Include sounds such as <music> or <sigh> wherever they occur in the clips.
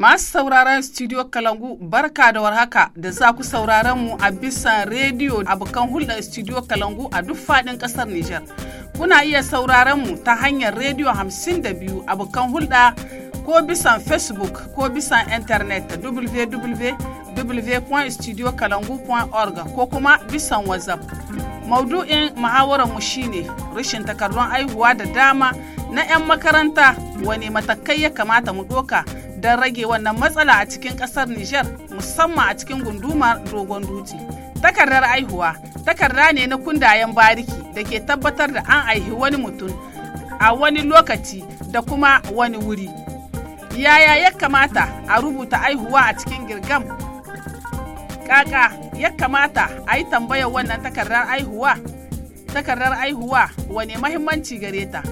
Masu sauraron Studio Kalangu barka da warhaka da za ku sauraron mu a bisan rediyo abokan hulɗar Studio Kalangu a duk faɗin ƙasar Nijar. Kuna iya sauraron mu ta hanyar rediyo 52 abokan hulɗa ko bisan Facebook ko bisan internet da www.studiokalangu.org ko kuma bisan WhatsApp. Maudu'in mu shine rashin takardun aihuwa da dama na 'yan makaranta wane matakai ya kamata mu ɗoka don rage wannan matsala a cikin ƙasar Nijar musamman a cikin gundumar dogon dutse. Takardar aihuwa takarda ne na kundayen bariki da ke tabbatar da an aihi wani mutum a wani lokaci da kuma wani wuri. Yaya ya kamata a rubuta aihuwa a cikin girgam? Kaka ya kamata a yi tambayar wannan takardar aihuwa? Takardar aihuwa wane mahimmanci gare ta?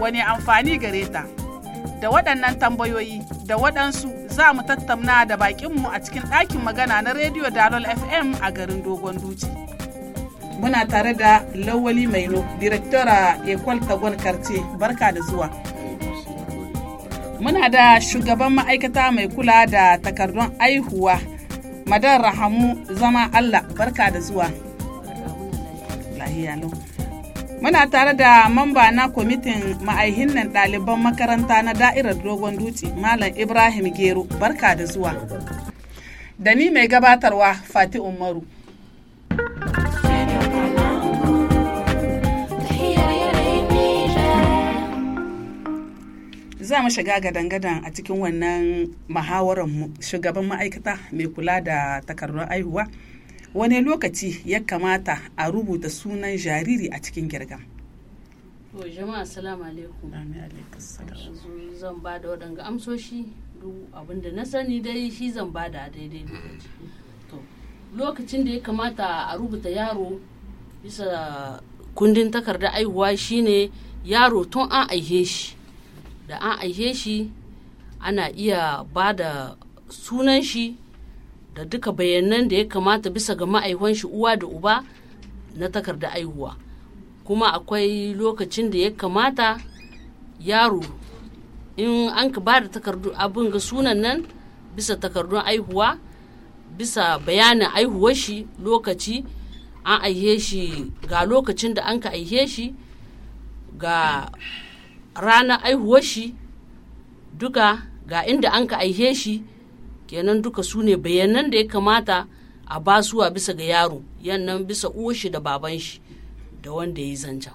Wane amfani gare ta? Da waɗannan tambayoyi da waɗansu za mu tattauna da baƙinmu a cikin ɗakin magana na Rediyo Dalol FM a garin Dogon Duci. Muna tare da Lawali Maino, Direktora Ecole Kagon Karce, barka da zuwa. Muna da shugaban ma'aikata mai kula da takardun aihuwa, madan Rahamu Zama Allah, barka da zuwa. Muna tare da mamba na kwamitin ma'aihin nan ɗaliban makaranta na da'irar Dogon Dutse, Malam Ibrahim Gero, barka da zuwa. Da ni mai gabatarwa Fati Umaru. za mu shiga gadan-gadan a cikin wannan muhawarar shugaban ma'aikata mai kula da takardun aihuwa wani lokaci ya kamata a rubuta sunan jariri a cikin girgam jama'a assalamu alaikum zan ba da waɗanga amsoshi duk abinda na sani dai shi zan ba da daidai lokacin da ya kamata a rubuta yaro bisa kundin takarda aihuwa shine yaro tun an aihe shi da an aihe shi ana iya ba da sunan shi da duka bayanan da ya kamata bisa ga ma'aikwan shi uwa da uba na takarda aihuwa kuma akwai lokacin da ya kamata yaro in an ka ba da takardu abin ga sunan nan bisa takardun aihuwa bisa bayanin aihuwar shi lokaci an aihe shi ga lokacin da an ka aihe shi ga ranar aihuwar shi duka ga inda an ka aihe shi kenan duka su ne bayanan da ya kamata a a bisa ga yaro yannan bisa uwashi da baban shi da wanda ya yi zanjan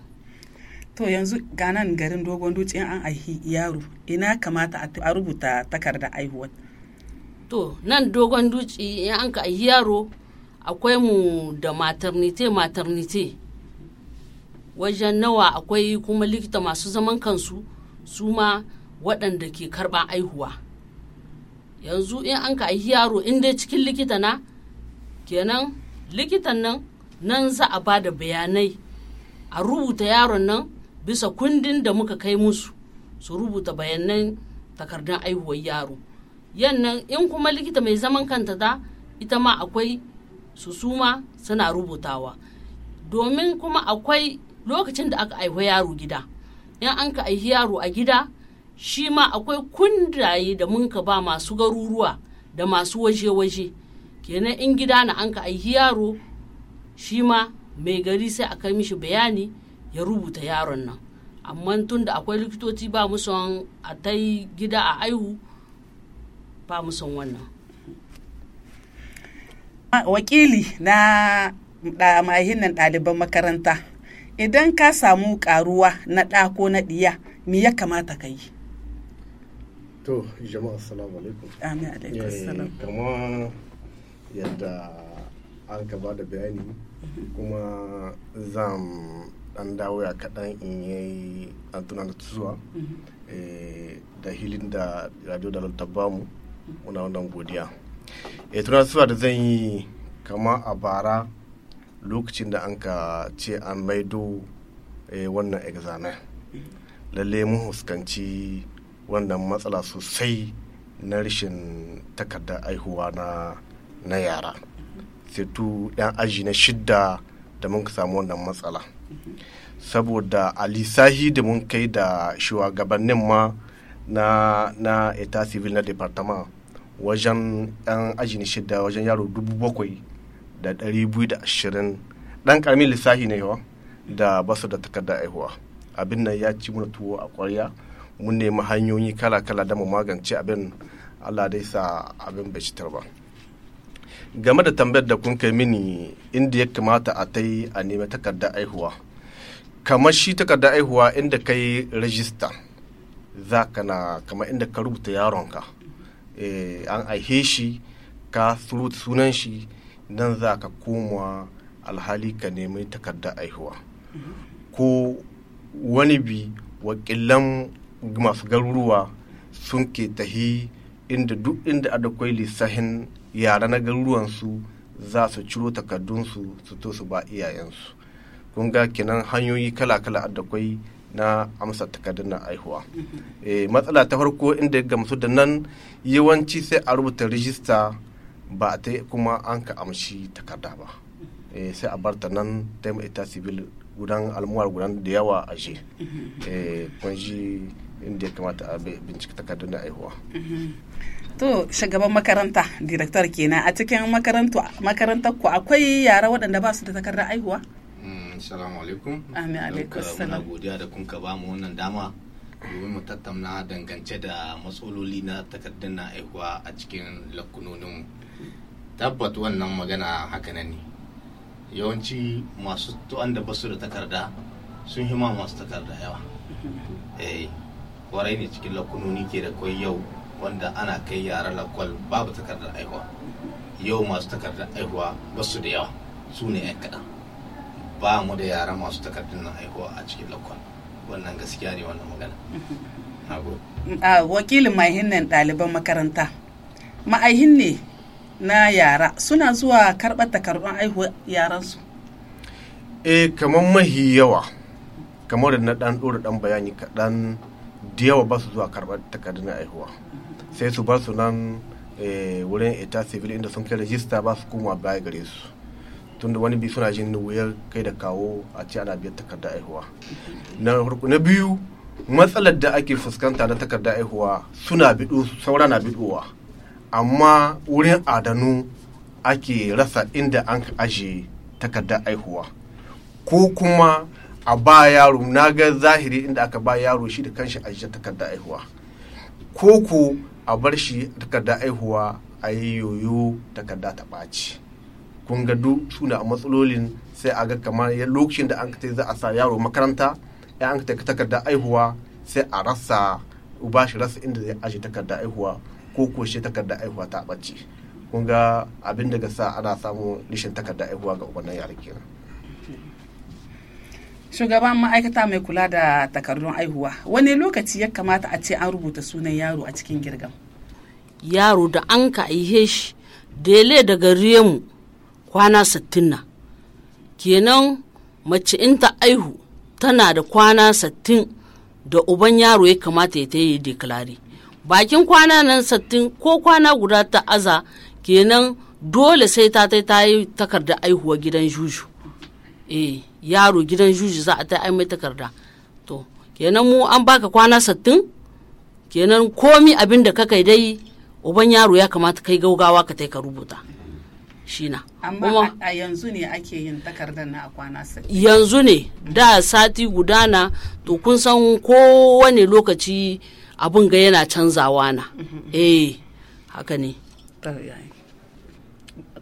to yanzu ganan garin dogon dutse an aihi yaro ina kamata a rubuta takarda aihuwar to nan dogon dutse in an ka aihi yaro akwai mu da maternity maternity wajen nawa akwai kuma likita masu zaman kansu su ma waɗanda ke karɓa aihuwa yanzu in an ka yi yaro in dai cikin likita na kenan likitan nan nan za a ba da bayanai a rubuta yaron nan bisa kundin da muka kai musu su rubuta bayanan takardun aihuwar yaro yannan in kuma likita mai zaman kanta da ita ma akwai su suma suna rubutawa domin kuma akwai lokacin da aka aihu yaro gida in an ka aihi yaro a gida shi ma akwai kundaye da mun ka ba masu garuruwa da masu waje-waje kenan in gida na an ka aiki yaro shi ma mai gari sai a kai mishi bayani ya rubuta yaron nan amma tun da akwai likitoci ba mu son a ta gida a aihu ba mu son wannan wakili na mahin nan ɗaliban makaranta idan ka samu karuwa na ɗa ko na ɗiya me ya kamata ka yi to jama'a assalamu alaikum amin alaikum eh, assalam kama yadda an gaba ba da bayani kuma zan dan dawo ya kaɗan in yi antuna da zuwa mhm. eh, da hilin da radio da lantar mu muna wannan godiya e tuna da zan yi kama a bara lokacin da an ka ce an maido wannan examen mhm. lalle mun huskanci wannan matsala sosai na rashin takarda aihuwa na na yara setu yan aji na shidda da mun samu wannan matsala saboda a lissahi da mun kai da shugabannin ma na na eta civil na departement wajen yan aji na shidda wajen yaro dubu bakwai da dari biyu da ashirin dan karamin lissahi na yawa da basu da takarda aihuwa abin nan ya ci mana tuwo a ƙwarya mun nemi hanyoyi kala-kala da mu magance abin allah dai sa abin bai citar ba game da tambayar da kun kai mini inda ya kamata a ta yi a nemi takarda aihuwa kamar shi takarda aihuwa inda ka yi rajista za ka na kamar inda ka rubuta yaronka eh, an aihe shi ka surutu sunan shi nan za ka koma alhali ka nemi takardar aihuwa mm-hmm. ko wani bi wakilan masu garuruwa sun ke tahi inda duk inda kwai lissahin yara na garuruwansu za su ciro takardunsu su to su ba iyayensu kun ga kenan hanyoyi kala-kala kwai na amsa takardun na aihuwa eh, matsala ta farko inda ya gamsu da nan yawanci sai a rubuta rijista ba ta kuma an ka amshi takarda ba eh, sai a bar ta nan ta ita civil gudan almuwar gudan da yawa a je eh, inda ya kamata a bincika takardun da aihuwa to shugaban makaranta director kenan a cikin makarantar ku akwai yara waɗanda ba su da takardar aihuwa mm, assalamu alaikum amin alaikum muna godiya da kun ka ba mu wannan dama domin mu tattauna dangance da matsaloli na takardun na aihuwa a cikin lakunonin tabbat wannan magana haka ne yawanci masu tu'an da basu da takarda sun hima masu takarda yawa eh kwarai ne cikin lakunoni ke da kwai yau wanda ana kai yara lakwal babu takardar aihuwa yau masu takardar aihuwa ba su da yawa su ne yan kaɗan ba mu da yara masu takardar nan aihuwa a cikin lakwal wannan gaskiya ne wannan magana a wakilin mahinnan ɗaliban makaranta ma'aihin ne na yara suna zuwa karɓar takardun aihuwa yaransu eh kamar mahi yawa kamar da na ɗan ɗora ɗan bayani kaɗan da yawa ba su zuwa karɓar takardun aihuwa sai su bar su nan eh, wurin ita civil inda sun kai rajista ba su koma baya gare su tunda wani bi suna jin wuyar kai da kawo a ce ana biyar takardar aihuwa na biyu matsalar da ake fuskanta na takardar aihuwa suna biɗo saura na biɗowa amma wurin adanu ake rasa inda an ajiye takardar aihuwa ko kuma a ba yaro na ga zahiri inda aka ba yaro shi da kanshi a takarda aihuwa ko ko a bar shi takarda aihuwa a yi yoyo takarda ta ɓaci kun ga duk suna a matsalolin sai a ga kamar lokacin da an ka za a sa yaro makaranta ya an ka takarda aihuwa sai a rasa uba shi rasa inda zai aje takarda aihuwa ko ko shi takarda aihuwa ta ɓaci kun ga abin daga sa ana samun rishin takarda aihuwa ga ubannin yare kenan shugaban ma'aikata mai kula da takardun aihuwa wani lokaci ya kamata a ce an rubuta sunan yaro a cikin girgam yaro da an ka aihe shi dele daga remu kwana sittin na kenan mace in ta aihu tana da kwana sittin da uban yaro ya kamata ya ta yi deklari bakin kwana nan sittin ko kwana guda ta aza kenan dole sai ta ta yi takardar aihuwa gidan juju eh yaro gidan juji za a ta ai mai takarda to kenan mu an baka kwana sattin kenan komi abin da kakai dai uban yaro ya kamata kai gaugawa ka ka rubuta shi amma a yanzu ne ake yin takardar na a kwana sattin yanzu ne da sati gudana to kun san kowane lokaci abin ga yana canzawa na mhm. eh haka ne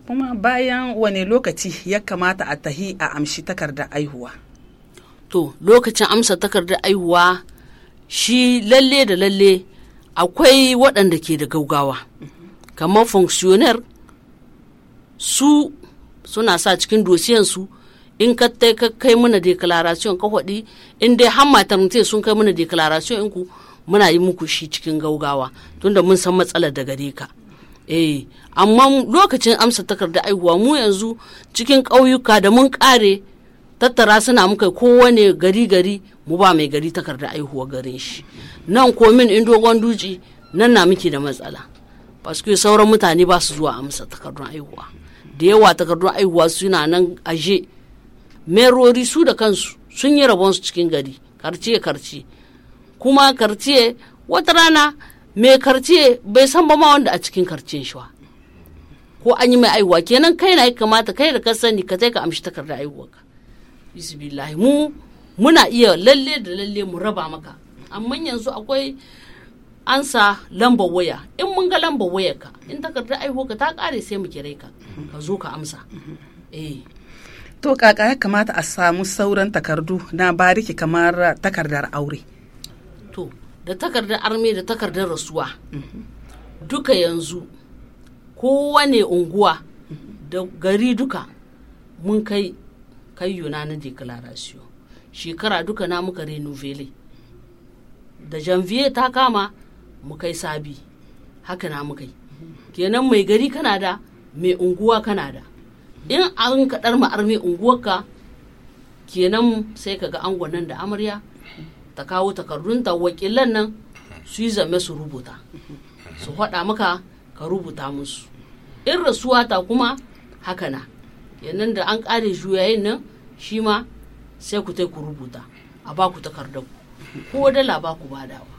kuma bayan wane lokaci ya kamata a tahi a amshi takardar aihuwa to lokacin amsa takardar aihuwa shi lalle da lalle akwai waɗanda ke da gaugawa kamar funksiyonar su suna sa cikin dosiyansu in ka kai mana declaration ka hwaɗi in dai har maternity sun kai mana declaration ku muna yi muku shi cikin gaugawa tunda mun san matsalar da gare ka. eh amma lokacin amsa takarda aihuwa mu yanzu cikin ƙauyuka da mun ƙare tattara suna muka kowane gari gari mu ba mai gari takarda aihuwa garin shi nan komin in dogon duji, nan na muke da matsala paske sauran mutane ba su zuwa amsa takardun aihuwa da yawa takardun aihuwa suna nan aje merori su da kansu sun yi su cikin gari karciye karciye kuma karciye wata rana mai karce bai san ba ma wanda a cikin karcen shi ko an yi mai aiwa kenan kai na kamata kai da ka sani ka kai ka amshi takarda aiwa ka bismillah mu muna iya lalle da lalle mu raba maka amma yanzu akwai ansa lamba waya in mun ga lambar wayar ka in takarda aiwa ka ta kare sai mu kire ka ka zo ka amsa eh to kaka ya kamata a samu sauran takardu na bariki kamar takardar aure da takardar arme da takardar rasuwa duka yanzu kowane unguwa da gari duka mun kai yuna na declaration shekara duka na muka renovele da janvier ta kama mu kai sabi haka na muka yi kenan mai gari kana da mai unguwa kana da in an kaɗar arme unguwarka kenan sai ka ga nan da amarya ta kawo takardunta wakilan nan su yi zame su rubuta su faɗa maka ka rubuta musu in rasuwa ta kuma haka na yannan da an ƙare juyayin nan shi ma sai ku ku rubuta a ba ku ko dala ba ku badawa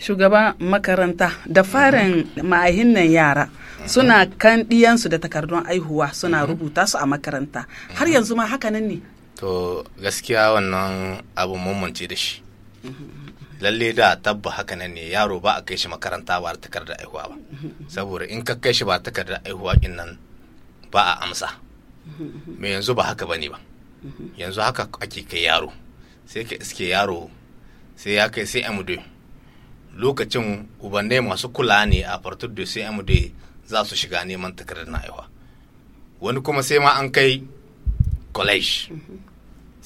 shugaban makaranta da farin ma'ahin nan yara suna kan ɗiyansu da takardun aihuwa suna rubuta su a makaranta har yanzu ma hakanan ne to gaskiya wannan abu mummunci da shi lalle da tabba haka nan ne yaro ba a kai shi makaranta ba takarda aihuwa ba saboda in ka kai shi ba takarda aihuwa in nan ba a amsa me yanzu ba haka bane ba yanzu haka ake kai yaro sai ka iske yaro sai ya kai sai amude lokacin ubanne masu kula ne a fartudu da sai amude za su shiga neman takardar na aihuwa wani kuma sai ma an kai college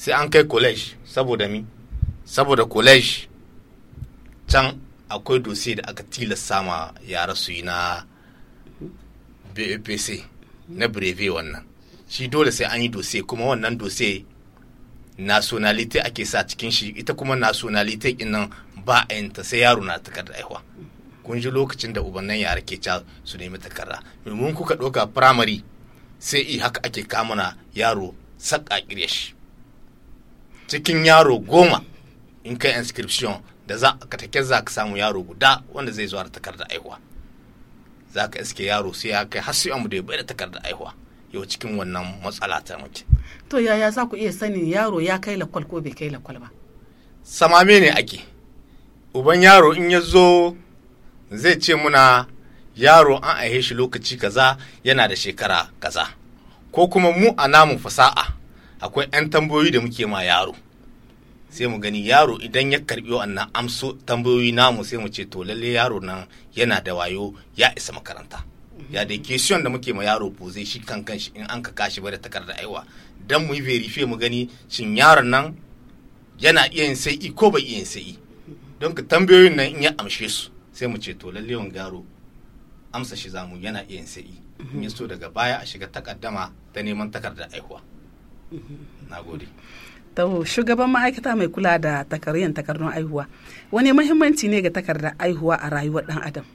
sai an kai college saboda mi saboda college can akwai dose da aka tilasta ma yara su yi na bapc na breve wannan shi dole sai an yi dose kuma wannan dose nationality ake sa cikin shi ita kuma nationality din nan ba a yanta sai yaro na takarda aihuwa kun ji lokacin da ubannan yara ke ca su nemi takarda mun kuka ɗauka primary sai i haka ake kamuna yaro kirya shi cikin yaro goma in kai inscription da za ka take za ka samu yaro guda wanda zai zo da takarda aihuwa za ka iske yaro sai ya kai har sai da ya bai da takarda aihuwa yau cikin wannan matsala ta mace to yaya za ku iya sanin yaro ya kai lakwal ko bai kai lakwal ba samame ne ake uban yaro in ya zo zai ce muna yaro an aihe shi lokaci kaza yana da shekara kaza ko kuma mu a namu fasa'a akwai 'yan tambayoyi da muke ma yaro sai mu gani yaro idan ya karbi wannan amso tambayoyi namu sai mu ce to lalle yaro nan yana da wayo ya isa makaranta ya da question da muke ma yaro ko zai shi kan kanshi in an ka kashi bare takarda aiwa dan mu verify mu gani shin yaron nan yana iya yin sai ko bai iya yin sai don ka tambayoyin nan in ya amshe su sai mu ce to lalle wani yaro amsa shi zamu yana iya yin sai in ya so daga baya a shiga takaddama ta neman takarda aihuwa na gode to shugaban ma'aikata mai kula da takaryan takardun aihuwa wani mahimmanci ne ga takardar aihuwa a rayuwar dan adam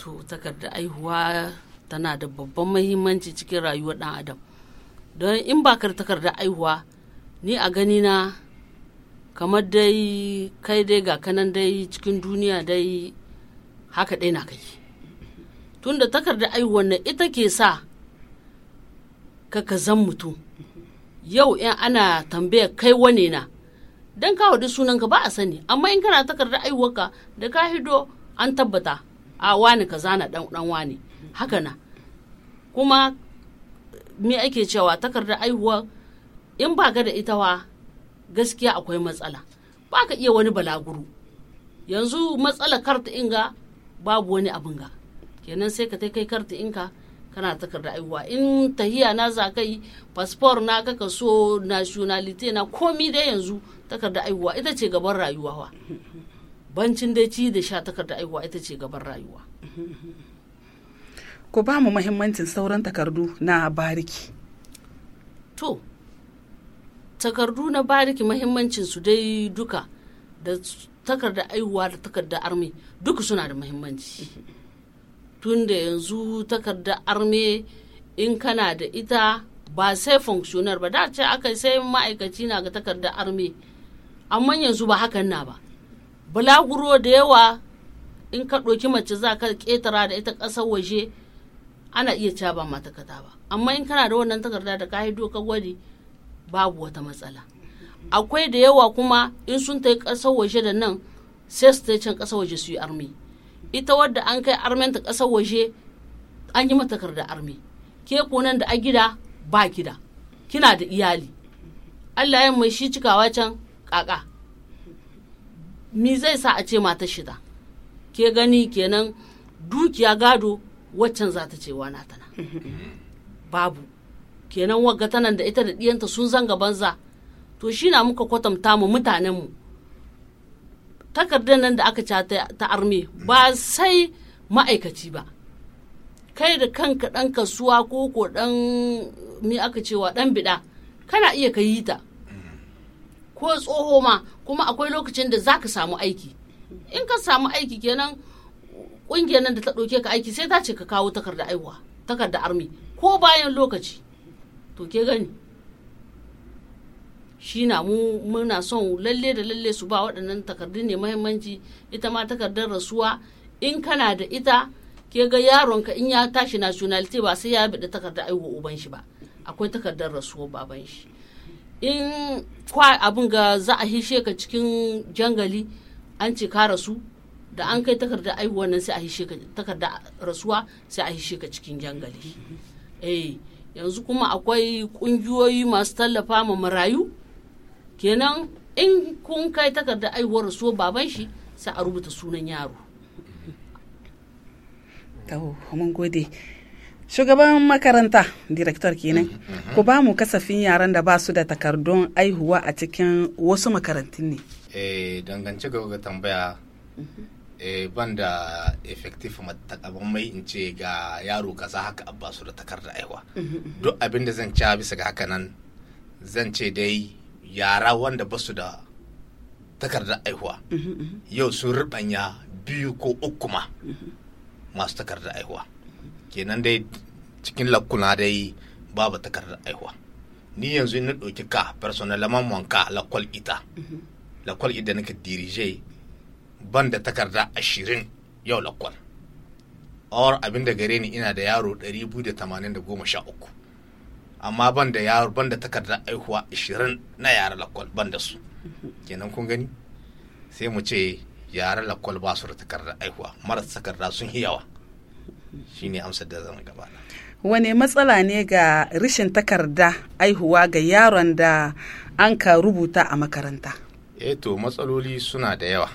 to takarda aihuwa tana da babban mahimmanci cikin rayuwar dan adam don in ba ka takardar aihuwa ni a gani na kamar dai kai dai ga kanan dai cikin duniya dai haka dai na kai tunda takardar aihuwar na ita ke sa ka ka zan mutum yau in ana tambayar kai wane na don ka da sunan ka ba a sani amma in kana takardar aiwaka da ka hido an tabbata a wani kaza na dan dan wani haka na kuma me ake cewa takardar aihuwa in ba ka da ita wa gaskiya akwai matsala ba ka iya wani balaguru yanzu matsala karta inga babu wani abin ga kenan sai ka kai karta inka kana takarda aihuwa in tahiya na za kai fasfor na ka kaso nationality na komi da yanzu takarda aiwa ita ce gaban rayuwa wa bancin da ci da sha takarda aiwa ita ce gaban rayuwa ku ba mu muhimmancin sauran takardu na bariki to takardu na bariki muhimmancin su dai duka da takarda aiwa da takarda armi duka suna da muhimmanci tun da yanzu takardar arme in kana da ita ba sai functionar ba da ce aka sai ma'aikaci na ga takardar arme amma yanzu ba hakan na ba bulaguro da yawa in ka ɗoki mace za ka ƙetara da ita ƙasar waje ana iya caba ma ba amma in kana da wannan takarda da ka haido ka gwadi babu wata matsala akwai da yawa kuma in sun ta ƙasar waje da nan sai su ta can ƙasar waje su yi armi ita wadda an kai ta ƙasar waje an yi mata da arme ke nan da a gida ba gida kina da iyali Allah ya mai shi cikawa can kaka mi zai sa a ce mata shida ke gani kenan dukiya gado waccan za ta ce wa tana <laughs> babu kenan wagga tanan da ita da ɗiyanta sun zanga banza to shi na muka kwatanta mu mutanenmu takardar nan da aka ca ta arme ba sai ma'aikaci ba kai da kanka ɗan kasuwa ko ko ɗan mi aka cewa ɗan biɗa kana iya ka yi ta ko tsoho ma kuma akwai lokacin da za ka samu aiki in ka samu aiki kenan ƙungiyar nan da ta ɗauke ka aiki sai ta ce ka kawo takarda aiwa takarda armi ko bayan lokaci to ke gani shi na muna son lalle da lalle su ba waɗannan takardun ne mahimmanci ita ma takardar rasuwa in kana da ita ke ga yaronka in ya tashi nationality ba sai ya biɗi takarda aiwa uban shi ba akwai takardar rasuwa baban shi in kwa abin ga za a hishe ka cikin jangali an ce ka rasu da an kai takarda aihuwa nan sai a hishe ka takarda rasuwa sai a hishe ka cikin jangali eh yanzu kuma akwai ƙungiyoyi masu tallafa ma marayu kenan in kun kai takardar aiwuwar so baban shi sai a rubuta sunan yaro mun gode shugaban makaranta direktor kenan ku ba mu kasafin yaran da ba su da takardun aihuwa a cikin wasu makarantun ne eh dangance ga tambaya eh, ban da effective matakaban mai in ce ga yaro kaza haka abba su da takarda aihuwa mm-hmm. duk abin da zan ci bisa ga haka nan zan ce dai yara wanda basu da takardar aihuwa yau sun rubanya biyu ko uku ma masu takardar aihuwa kenan dai cikin lakuna dai babu takardar aihuwa ni yanzu na ɗauki ka personalaman wanka lakwal ita lakwal ita nake dirije ban da takarda ashirin yau lakwal awar abin da gare ni ina da yaro ɗari biyu da goma sha uku amma ban da yaro ban da takardar aihuwa 20 na yara lakwal ban da su kenan kun gani sai mu ce yara lakwal ba su da takardar aihuwa marasa takarda sun yi yawa shine amsar da zan gaba wani matsala ne ga rashin takarda aihuwa ga yaron da an ka rubuta a makaranta eh to matsaloli suna da yawa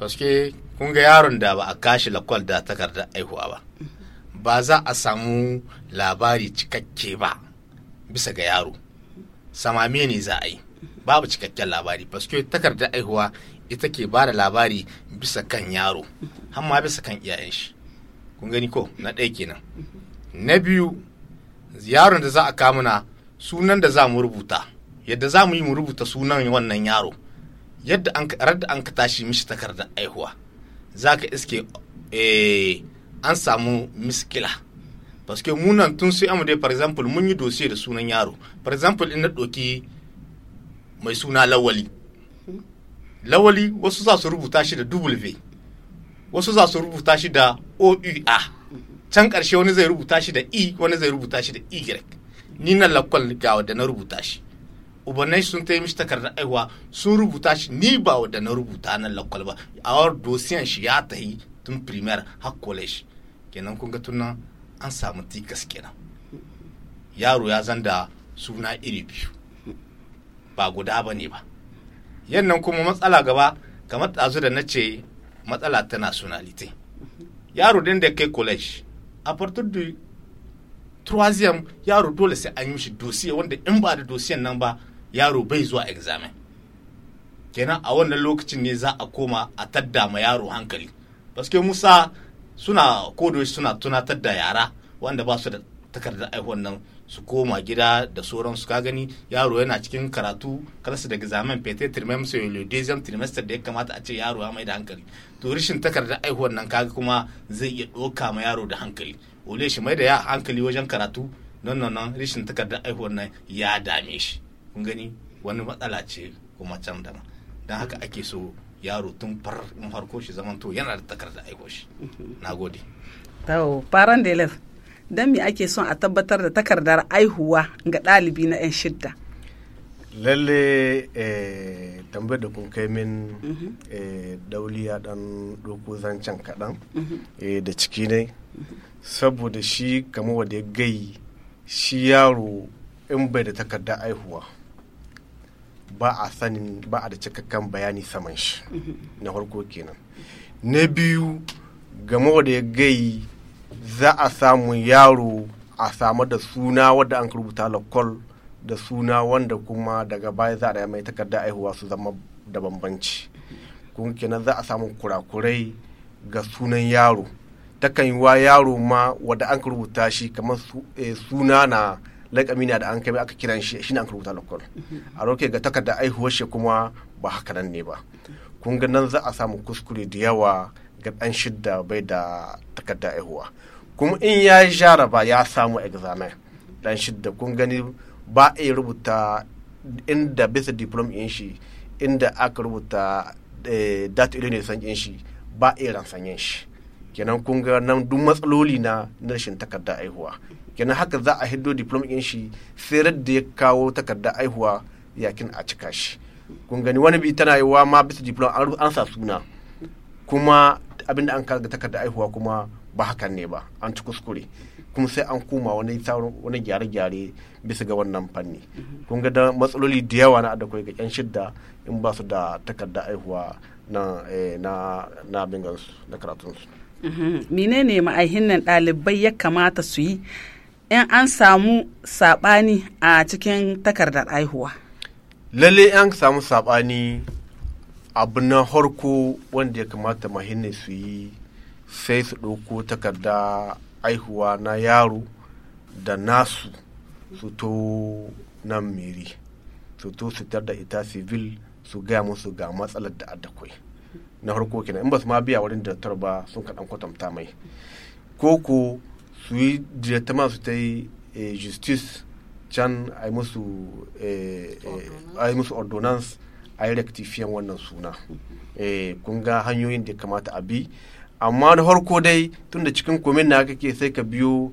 paske kun ga yaron da ba a kashi lakwal da takardar aihuwa ba ba za a samu labari cikakke ba bisa ga yaro samame ne za a yi babu cikakken labari paske takardar aihuwa ita ke ba da labari bisa kan yaro amma bisa kan iyayen shi kun gani ko na ɗaya kenan na biyu yaron da za a kamuna sunan da za mu rubuta yadda za mu yi mu rubuta sunan wannan yaro yadda an da an ka tashi mishi takardar aihuwa za ka iske eh, an samu miskila parce que munan tun sai amu dai par exemple mun yi dosiye da sunan yaro par exemple in na ɗoki mai suna lawali lawali wasu za su rubuta shi da w wasu za su rubuta shi da oua can ƙarshe wani zai rubuta shi da e wani zai rubuta shi da y ni na lakwal ga wadda na rubuta shi ubanai sun ta yi mishi takardar aiwa, sun rubuta shi ni ba wadda na rubuta na lakwal ba a dosiyan shi ya tahi tun primaire har college kenan kun ga tunan an samu tikas kenan yaro ya zanda suna iri biyu ba guda ba ne ba yannan kuma matsala gaba kamar ɗazu da na ce matsala ta nationality yaro din da kai college a partir da troisième yaro dole sai an yi shi dosiye wanda in ba da dosiyen nan ba yaro bai zuwa examen kenan a wannan lokacin ne za a koma a tadda ma yaro hankali paske musa suna kodoshi suna tunatar da yara wanda ba su da takardar aihuwan nan su koma gida da sauransu ka gani yaro yana cikin karatu karasa da examen pete trimester deuxième trimester da ya kamata a ce yaro ya mai da hankali to rashin takardar aihuwan nan kaga kuma zai iya ɗauka ma yaro da hankali ole shi mai da ya hankali wajen karatu nan nan nan rashin takardar aihuwan nan ya dame shi kun gani wani matsala ce kuma can dama don haka ake so yaro tun far in harko shi zaman to yana da takarda aiko shi mhm. na gode to faran da don me ake son a tabbatar da takardar aihuwa ga ɗalibi na 'yan shidda lalle eh, tambayar da kun kai min mhm. eh, dauli ya dan doko zancen kaɗan mhm. eh, da ciki ne saboda shi kama wadda ya gai shi yaro in bai da takardar aihuwa ba a sanin ba a da cikakken bayani saman shi mm-hmm. na farko kenan na biyu game da ya gai za a samu yaro a samu da suna wadda an rubuta lakol da suna wanda kuma daga baya za a mai takarda aihuwa su zama da bambanci kun kenan za a samu kurakurai ga sunan yaro takan yi wa yaro ma wadda an rubuta shi kamar eh, suna na lakami na da an kai aka kiran shi shine an rubuta lokol a roke ga takarda aihuwar shi kuma ba haka nan ne ba kun ga nan za a samu kuskure da yawa ga dan shidda bai da takarda aihuwa kuma in ya jaraba ya samu examen dan shidda kun gani ba a rubuta inda bisa diploma in shi inda aka rubuta eh, datu ilimin san shi ba a ransan shi kenan kun ga nan duk matsaloli na rashin takarda aihuwa kenan haka za a hiddo diploma ɗin shi sai da ya kawo takarda aihuwa yakin a cika shi kun gani wani bi tana wa ma bisa diploma an sa suna kuma abinda an kaga takarda aihuwa kuma ba hakan ne ba an ci kuskure kuma sai an koma wani sauran wani gyare-gyare bisa ga wannan fanni kun ga da matsaloli da yawa na adakwai ga yan shidda in ba su da takarda aihuwa na eh, na na bingansu na karatunsu menene ma'aihin nan ɗalibai ya kamata su yi in an samu saɓani a cikin takardar aihuwa lalle an samu saɓani abu na harko wanda ya kamata mahinne su yi sai su ɗauko takarda aihuwa na yaro da nasu su to nan miri su to su tar da ita civil su gaya musu ga matsalar da adakwai na farko kenan in ba su ma biya wurin director ba sun kaɗan kwatanta mai ko ko su yi director ma su ta yi eh, justice can a yi musu ordonance eh, eh, a yi rectifiyan wannan suna kun ga hanyoyin da kamata a bi amma na harko dai tun da cikin komin na kake sai ka biyo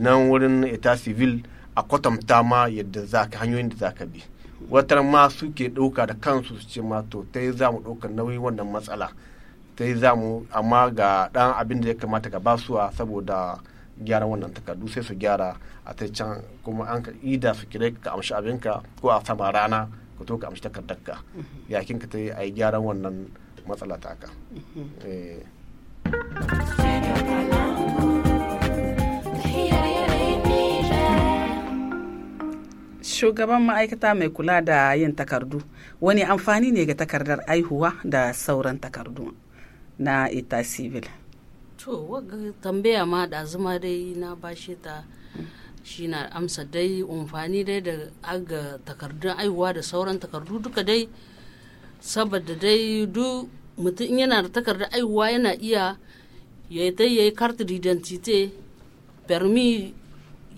nan wurin eta civil a kwatanta ma yadda za ka hanyoyin da za ka bi watar ma suke ɗauka da kansu su ce ma to ta yi za mu ɗaukar nauyin wannan matsala ta yi za mu amma ga ɗan abin da ya kamata ka basuwa saboda gyaran wannan takardu sai su gyara a ta can kuma an ka ida su kira ka amshi abinka ko a sama rana ka to ka amshi takardarka mm-hmm. yakin ka ta yi a yi gyaran wannan matsala ta ka. Mm-hmm. Eh. shugaban ma'aikata mai kula da yin takardu wani amfani ne ga takardar aihuwa da sauran takardu na ita civil to tambaya ma da zuma dai na bashi ta shi na amsa dai amfani dai da aga takardun aihuwa da sauran takardu duka dai saboda dai du mutum yana da takardar aihuwa yana iya ya dai ya yi kartar identity permi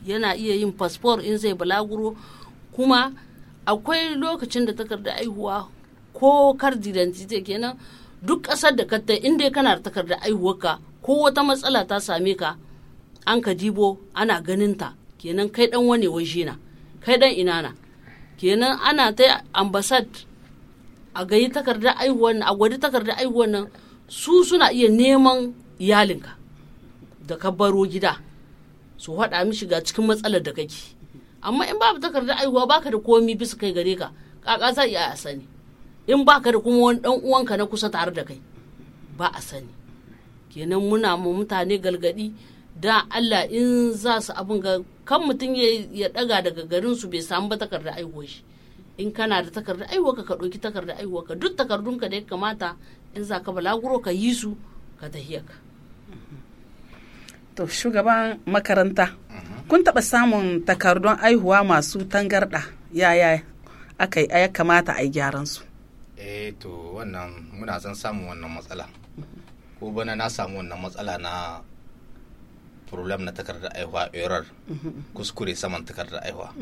yana iya yin fasfor in zai balaguro kuma akwai lokacin da takarda aihuwa ko card zai kenan duk ƙasar da kata inda kana da takarda aihuwarka ko wata matsala ta same ka an ka dibo ana ganin ta kenan kai dan wane waje na kai dan ina na kenan ana ta ambassad a gayi takarda aihuwar a gwadi takarda aihuwar nan su suna iya neman iyalinka da ka baro gida su haɗa mishi ga cikin matsalar da kake amma in babu takardar aihuwa baka da komi bisa kai gare ka kaka za iya a sani in baka da kuma wani dan uwanka na kusa tare da kai ba a sani kenan muna ma mutane galgadi da Allah in za su abin ga kan mutum ya daga daga garin su bai samu ba takardar aihuwa shi in kana da takardar aihuwa ka ɗauki takardar aihuwa ka duk takardun ka da ya kamata in za ka balaguro ka yi su ka tahiyaka. to shugaban makaranta kun taɓa samun takardun aihuwa masu tangarɗa yaya aka ya kamata a yi gyaran su eh to wannan muna zan samun wannan matsala ko bana na samu wannan matsala na problem na takardar aihuwa error kuskure saman takardar aihuwa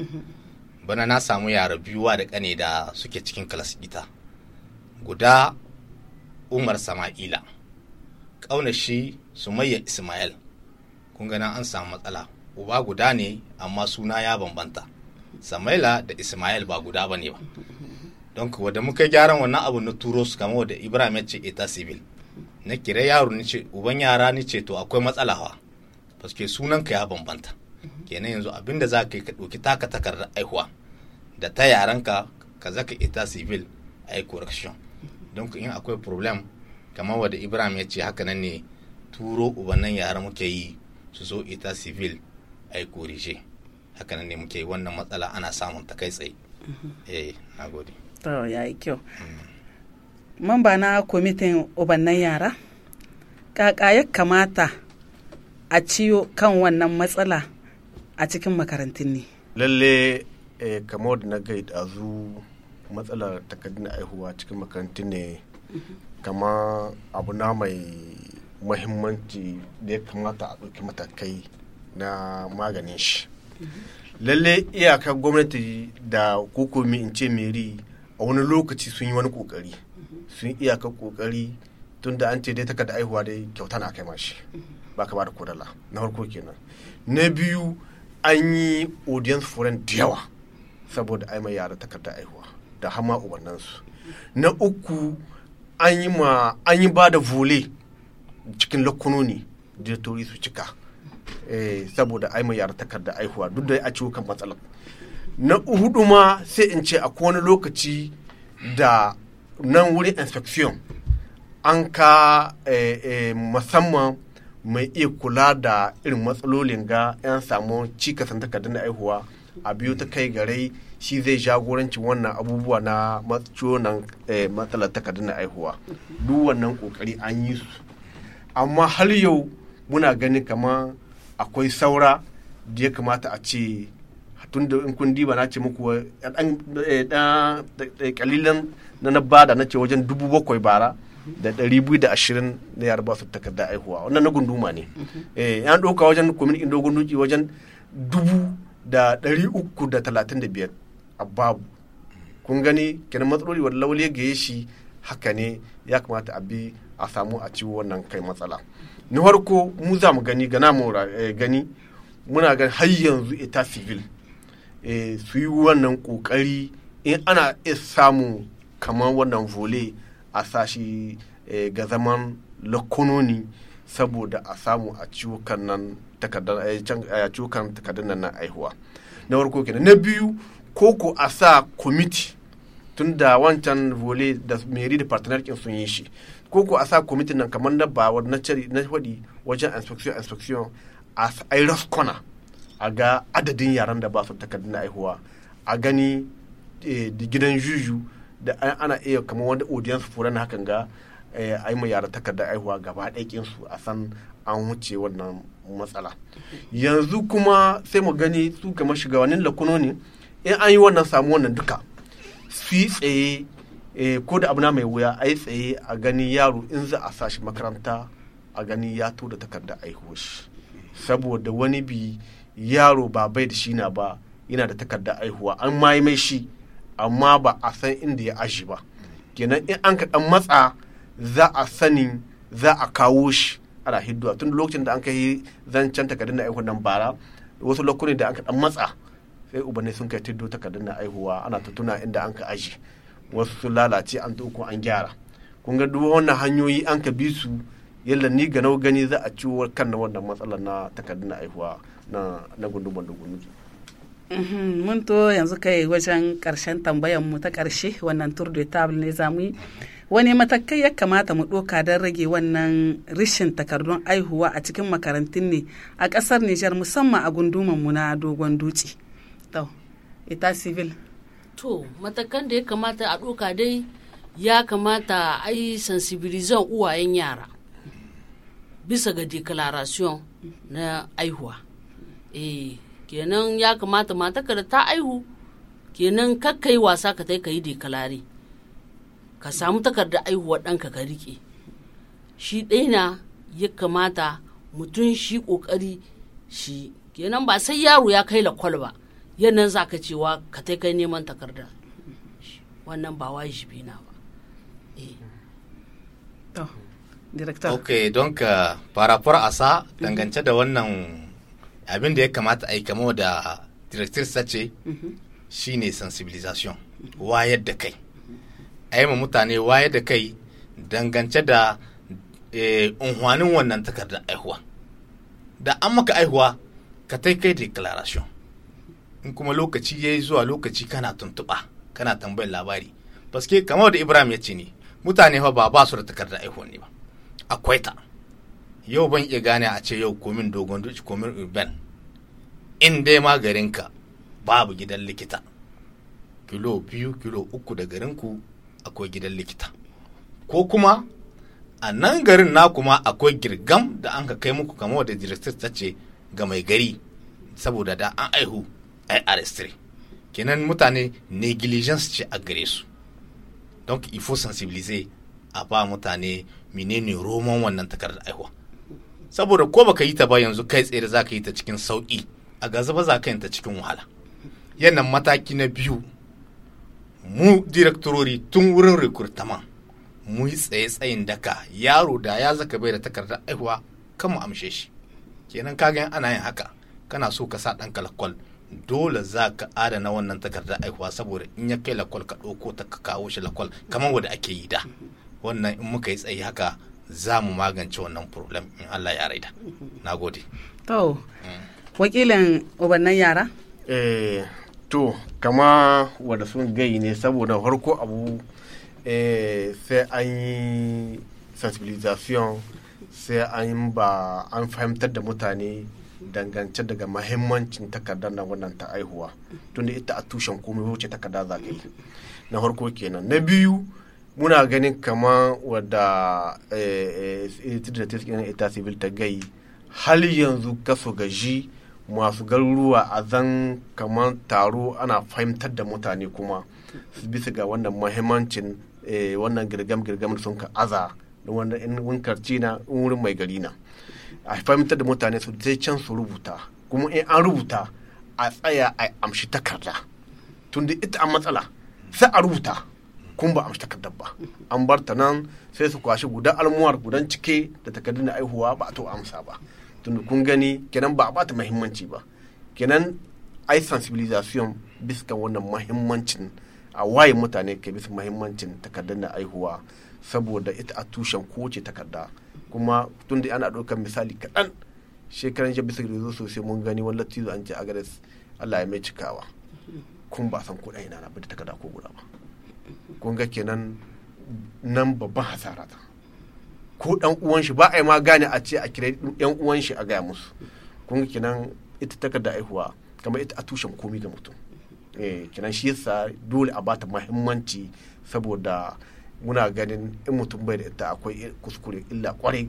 bana na samu yara biyuwa da kane da suke cikin kalas ita guda umar sama'ila ƙaunar shi sumayya ismail kun gana an samu matsala uba guda ne amma suna ya bambanta samaila da ismail ba guda ba ne ba don kuwa da muka gyaran wannan abu na turo su kama da ibrahim ya ce eta civil na kira yaro ni ce uban yara ni ce to akwai matsala wa paske sunan ka ya bambanta kenan yanzu abin da za ka yi ka ɗauki taka takardar aihuwa da ta yaran ka zaka ita civil a yi correction don in akwai problem kamar wadda ibrahim ya ce haka nan ne turo ubannan yara muke yi su zo ita civil a yi hakanan ne muke wannan matsala ana samun ta kai tsaye mhm. eh na gode to ya yi kyau mamba na kwamitin ubannan yara kaka ya kamata a ciyo kan wannan matsala a cikin makarantun ne lalle eh, kamar da na a zu matsalar takardun aihuwa cikin makarantun ne mhm. kama abu na mai mahimmanci da ya kamata a ɗauki matakai na maganin shi lalle iyaka gwamnati da kokomi in ce meri a wani lokaci sun yi wani kokari sun iyaka kokari tun da an ce dai takarda aihuwa dai kyauta na kai mashi ba ka ba da kodala na farko kenan na biyu an yi audience foreign da yawa saboda aima yara takarda aihuwa da hama ubannansu na uku an yi ba da vole cikin lakunoni ne diretori su cika eh, saboda ai yara takarda da aihuwa duk da a ciwukan matsalar na hudu ma sai in ce a wani lokaci da nan wurin inspection an ka eh, eh, musamman mai iya kula da irin matsalolin ga 'yan samu cikasan takardun na aihuwa a biyu ta kai garai shi zai jagoranci wannan abubuwa na matsalar takardun na aihuwa duk wannan kokari an yi su amma har yau muna ganin kama akwai saura da ya kamata a ce tun da in kun diba na ce muku dan kalilan eh, eh, na na bada na ce wajen dubu bakwai bara da ɗari biyu da ashirin na ba su takarda aihuwa wannan na gunduma ne yan eh, ɗauka wajen kwamitin indo gunduki wajen dubu da ɗari uku da talatin da biyar a babu kun gani kenan matsaloli wadda lauliyar gaye shi haka ne ya kamata a bi a samu a ci wannan kai matsala na farko mu za mu gani gana mu eh, gani muna gani har yanzu ita civil eh, su yi wannan kokari in ana samu kamar wannan vole a sashi eh, ga zaman lakononi saboda a samu a ciwukan nan takardar nan aihuwa na farko kenan na biyu koko a sa kwamiti tun da wancan vole da meri da partner sun yi shi ko ko a sa kwamitin nan kamar na bawa na cari na faɗi wajen inspection inspection a iris corner a ga adadin yaran da ba su takardun aihuwa a gani eh, gidan juju da ana iya kama wanda audience fura na hakan ga eh, a yi yara takardar aihuwa gaba ɗaikinsu a san an wuce wannan matsala yanzu kuma sai mu gani su kamar shugabannin lakunoni in an yi wannan samu wannan duka su tsaye Eh, ko da abuna mai wuya a yi tsaye a gani yaro in za a sashi makaranta a gani ya to da takarda a shi saboda wani bi yaro ba bai da shi na ba yana da takarda aihuwa an ma mai shi amma ba a san inda ya aji ba kenan in an kaɗan matsa za a sani za a kawo shi ana hidduwa tun lokacin da an kai zancen takardun aihuwa nan bara wasu lokuni da an kaɗan matsa sai ubanni sun kai tiddo takardun aihuwa ana ta tuna inda an ka aji wasu sun lalace an uku an gyara kun ga duk wannan hanyoyi an ka bi su yalla ni ga nau gani za a ciwo kan na wannan matsalar na takardun aihuwa na na gundumar da mhm, mun to yanzu kai wajen karshen tambayar mu ta karshe wannan tour de table ne mu yi wani matakai ya kamata mu doka don rage wannan rishin takardun aihuwa a cikin makarantun ne a kasar Nijar musamman a gunduman mu na dogon dutse. ita civil to matakan da ya kamata a ɗoka dai ya kamata a yi sensibilizan uwayen yara bisa ga declaration na aihuwa eh kenan ya kamata mataka da ta aihu kenan kakka yi wasa ka tai ka yi dekalare ka samu takardar aihuwa ɗanka ka riƙe shi ɗaina ya kamata mutum shi ƙoƙari shi kenan ba sai yaro ya kai lakwal ba yannan za ka cewa ka ta kai neman takarda wannan ba shi na ba eh. ok don ka farafar asa dangance da wannan abin da ya kamata a yi kamo da directrice sace ce mhm. shine sensibilisation wayar da kai a yi ma mutane wayar da kai dangance da eh, unhwanin wannan takardar aihuwa da an maka aihuwa ka ta kai declaration in kuma lokaci ya yi zuwa lokaci kana tuntuɓa kana tambayar labari baske kamar da ibrahim ya ce ne mutane fa ba ba su da takardar aihuwa ne ba akwai ta yau ban iya gane a ce yau komin dogon duci komin urban in dai ma garin ka babu gidan likita kilo biyu kilo uku da garinku akwai gidan likita ko kuma a nan garin na kuma akwai girgam da an ka kai muku kamar da director ta ce ga mai gari saboda da an aihu irs kenan mutane negligence ce a gare su donc il faut sensibiliser a ba mutane menene roman wannan takardar aihuwa saboda ko baka yi ta ba yanzu kai tsaye za ka yi ta cikin sauki a gaza ba za ka yi ta cikin wahala yannan mataki na biyu mu direktorori tun wurin rekrutama mu yi tsaye tsayin daka yaro da ya zaka bai da takardar aihuwa kan mu amshe shi kenan kaga ana yin haka kana so ka sa ɗan kalakwal dole za ka adana wannan takarda aihuwa saboda in ya kai lakwal ka ɗauko ta ka kawo shi lakwal kamar wanda ake yi da wannan in muka yi tsayi haka za mu magance wannan problem in Allah ya raida na gode to wakilin ubannan yara eh to kama wanda sun gai ne saboda harko abu eh sai an yi sensibilisation sai an ba an fahimtar da mutane dangance daga mahimmancin takardar na wannan ta aihuwa tunda ita a tushen komai wuce takarda za ka yi na harko kenan na biyu muna ganin kama wadda eh, eh, ita civil ta gai hal yanzu kaso gaji masu garuruwa a zan kamar taro ana fahimtar da mutane kuma bisa ga wannan mahimmancin eh, wannan girgam-girgam sun ka aza wanda in wunkar na wurin mai gari na a fahimtar da mutane su zai can su rubuta kuma in an rubuta a tsaya a amshi takarda tunda ita an matsala sai a rubuta kun ba amshi takardar ba an bar ta nan sai su kwashe gudan almuwar gudan cike da takardun da aihuwa ba a to amsa ba tunda kun gani kenan ba a bata muhimmanci ba kenan ai sensibilisation bisa wannan muhimmancin a waye mutane ke bisa muhimmancin takardun da aihuwa saboda ita a tushen kowace takarda kuma tun da ana ɗaukar misali kaɗan shekaran jabi su da sosai mun gani wani latizo an ce agares allah ya mai cikawa kun ba san kuɗa ina na bude da takarda ko guda ba kun ga kenan nan babban hasara ta ko ɗan uwan shi ba a yi ma gane a ce a kira ɗan uwan shi a gaya musu kun ga kenan ita takarda aihuwa kamar ita a tushen komi ga mutum eh kenan shi yasa dole a bata mahimmanci saboda muna ganin in mutum bai da ita akwai kuskure illa kwarai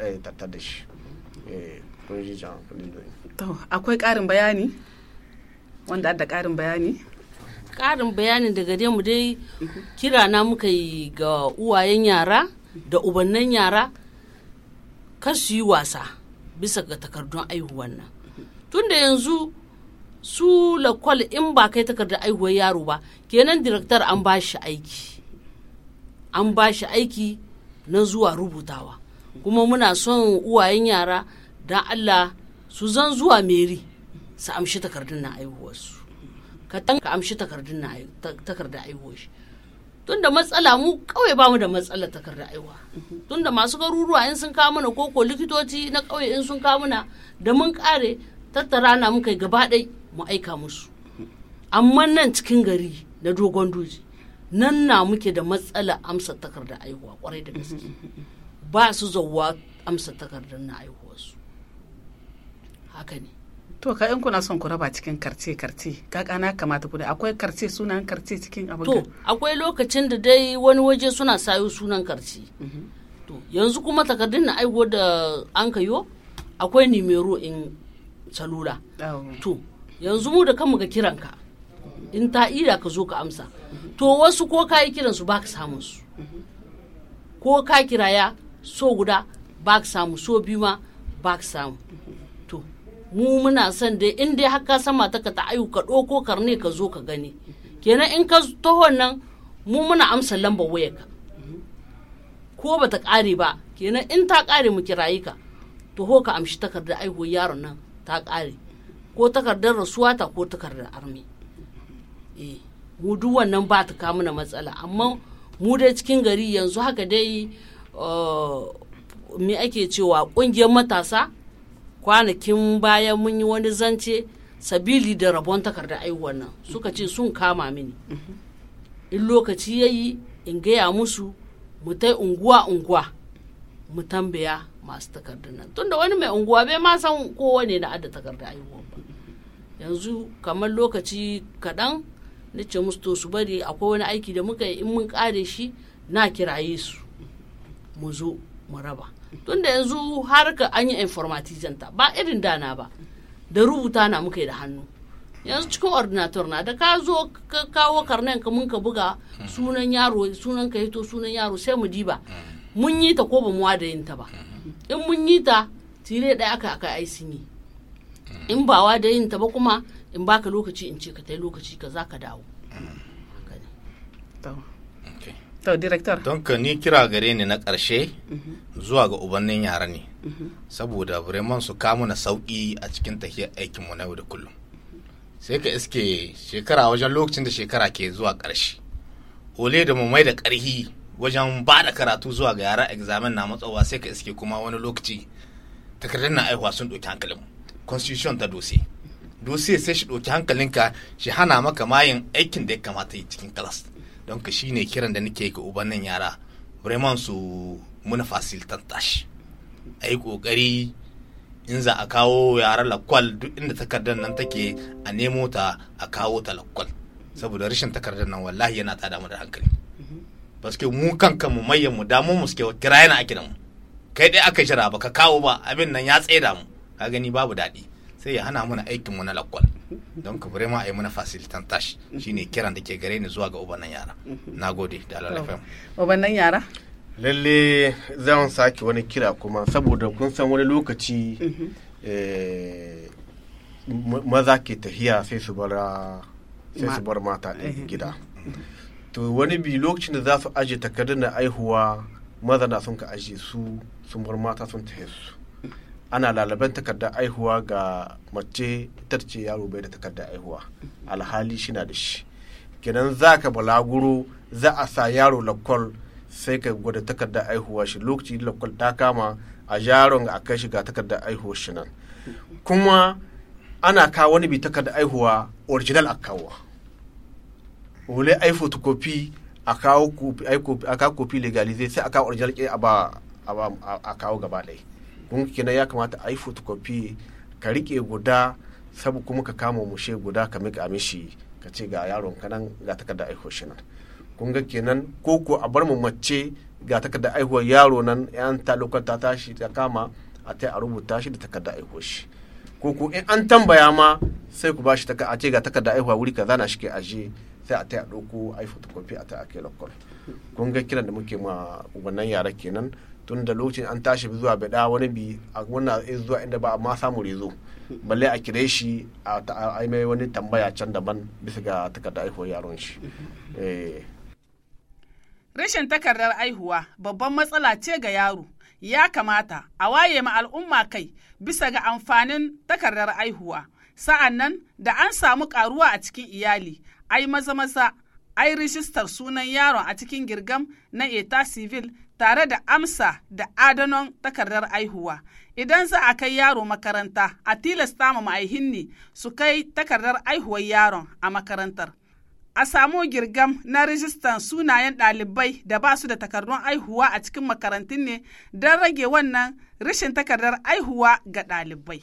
eh, tattar da shi eh, akwai ƙarin bayani wanda da ƙarin bayani ƙarin bayani daga dai mu dai kira na muka yi ga uwayen yara da ubannin yara kar su yi wasa bisa ga takardun aihuwan nan tunda yanzu su lakwal in ba kai takardar aihuwar yaro ba kenan direktar an ba shi aiki an ba shi aiki na zuwa rubutawa kuma muna son uwayen yara don allah su zan zuwa meri su amshi takardun na aihuwarsu ka tan ka amshi takardun na takardar aihuwar shi da matsala mu kawai bamu da matsala takardar aihuwa da masu garuruwa in sun kawo mana koko likitoci na kauye in sun kawo mana da mun kare tattara na muka gaba ɗai mu aika musu amma nan cikin gari na dogon doji nan na muke da matsala amsa takarda aihuwa kwarai da gaske <laughs> ba su zauwa amsa takardar na aihuwarsu haka ne to ka in kuna son ku raba cikin karce karce kana kamata ku da akwai karce sunan karce cikin abin to akwai lokacin da dai wani waje suna sayo sunan karce mhm. to yanzu kuma takardun na aihuwa da an kayo akwai nimero in salula to yanzu mu da kanmu ga kiranka in ta ira ka zo ka amsa to wasu ko ka yi kiransu ba ka samun su ko ka kiraya so guda ba ka samu so biyu ma ba ka samu to mu muna son dai in dai haka sama ta ka ta ayyuka ɗauko karne ka zo ka gani kenan in ka taho nan mu muna amsa lambar ka, ko ba ta ƙare ba kenan in ta ƙare mu kirayi ka taho ka amshi takardar aihuwar yaron nan ta ƙare ko takardar rasuwa ta ko takardar armi. eh nan ba ta kama na matsala amma mu dai cikin gari yanzu haka dai eh, me ake cewa kungiyar matasa kwanakin bayan mun yi wani zance sabili da rabon takarda aiwuwan nan suka ce sun kama mini mhm. in lokaci ya yi in gaya musu mu tai unguwa unguwa mu tambaya masu takardun nan tunda wani mai unguwa bai ma san kowane na adda takarda aiwuwan ba yanzu kamar lokaci kaɗan na ce musu to su bari akwai wani aiki da muka yi in mun kare shi na kiraye su mu zo mu raba tunda yanzu harka an yi informatizan ta ba irin dana ba da rubuta na muka yi da hannu yanzu cikin ordinator na da ka zo ka kawo karnen ka mun ka buga sunan yaro sunan ka hito sunan yaro sai mu diba mun yi ta ko ba mu wada yin ta ba in mun yi ta tire ɗaya aka aka ai sun in ba wada yin ta ba kuma in baka lokaci in ce ka ta lokaci ka za ka dawo to director don ka ni kira gare ni na ƙarshe mhm. zuwa ga ubannin yara ne mhm. saboda vraiment su kama na sauƙi a cikin tafiyar aikinmu na yau da kullum sai ka iske shekara wajen lokacin da shekara ke zuwa ƙarshe ole da mu mai da ƙarhi wajen ba da karatu zuwa ga yara examen na matsawa sai ka iske kuma wani lokaci takardar na aihuwa sun ɗauki hankalin constitution ta dose dosiya sai shi ɗauki hankalinka shi hana maka mayin aikin da ya kamata yi cikin kalas don ka shine kiran da nake ga ubannin yara bremen su muna fasilitan tashi a yi ƙoƙari in za a kawo yara lakwal duk inda takardar nan take a nemo ta a kawo ta lakwal saboda rashin takardar nan wallahi yana tada mu da hankali baske mu kanka mu mayan mu damu mu suke kira yana ake da mu kai dai aka jira ba ka kawo ba abin nan ya tsaye da mu ka gani babu daɗi sai ya hana mana aikin mu na lakwal don ka bari ma a yi mana facilitan tashi shine kiran da ke gare ni zuwa ga ubannan yara na gode da alalafin ubannan yara lalle zan sake wani kira kuma saboda kun san wani lokaci mm-hmm. eh, maza ke tafiya sai su bar mata ɗin eh. gida to wani bi lokacin da za su aje takardun na aihuwa maza na sun ka aje su sun bar mata sun tafi su ana lalaban takardar aihuwa ga mace tarce yaro bai da takardar aihuwa alhali shi na da shi kenan za ka balaguro za a sa yaro lakwal sai ka gwada takardar aihuwa shi lokaci lakwal ta kama a yaron a kai shiga takardar aihuwa shi nan kuma ana kawo wani bi takardar aihuwa original a kawo wule ai photocopy a kawo kopi legalize sai a kawo original a kawo gaba ɗaya kun kenan ya kamata a yi photocopy ka rike guda sabu kuma ka kama mushe guda ka mika mishi ka ce ga yaron kanan ga takarda aihuwar shi nan kun ga kenan ko ko a bar mu mace ga takarda aihuwar yaro nan yan ta lokacin ta tashi ta kama a ta a rubuta shi da takarda aihuwar shi ko ko in an tambaya ma sai ku bashi a ce ga takarda aihuwa wuri kaza na shi ke aje sai a ta a ɗauko yi photocopy a ta a kai lokal kun ga kiran da muke ma wannan yara kenan tun da lokacin an tashi zuwa bada wani bi a wannan zuwa inda ba ma samu rezo balle a kire shi a mai wani tambaya can daban bisa ga takardar aihuwar yaron shi eh. rashin takardar aihuwa babban matsala ce ga yaro ya kamata a waye ma al'umma kai bisa ga amfanin takardar aihuwa sa'an nan da an samu karuwa a cikin iyali ai maza maza ai rijistar sunan yaron a cikin girgam na eta civil tare da amsa da adanon takardar aihuwa idan za a kai yaro makaranta a tilasta ma ma'aihinni su kai takardar aihuwar yaron a makarantar a samu girgam na rijistar sunayen ɗalibai da ba su da takardun aihuwa a cikin makarantun ne don rage wannan rashin takardar aihuwa ga ɗalibai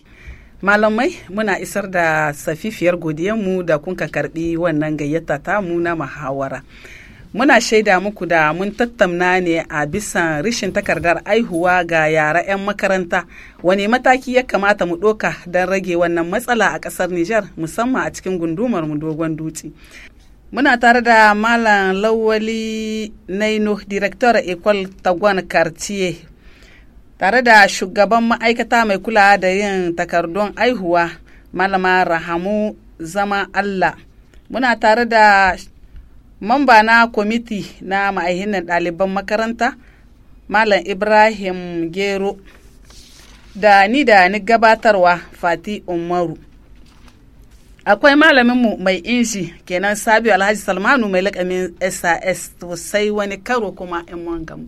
malamai muna isar da safifiyar mu da kunka karbi wannan gayyata mu na muhawara muna shaida muku da mun tattauna ne a bisan rishin takardar aihuwa ga yara 'yan makaranta wani mataki ya kamata mu ɗoka don rage wannan matsala a ƙasar Nijar musamman a cikin gundumar mu dogon dutse. Muna tare da Malam Lawali Naino, Director Ecole Tagwan Cartier tare da shugaban ma'aikata mai kula da yin takardun aihuwa malama rahamu zama allah muna tare da mamba na kwamiti na ma'aihinan ɗaliban makaranta malam ibrahim gero da ni da ni gabatarwa fati umaru akwai malaminmu mai inji kenan sabiu alhaji salmanu mai lakamin sas to sai wani karo kuma in wangamu.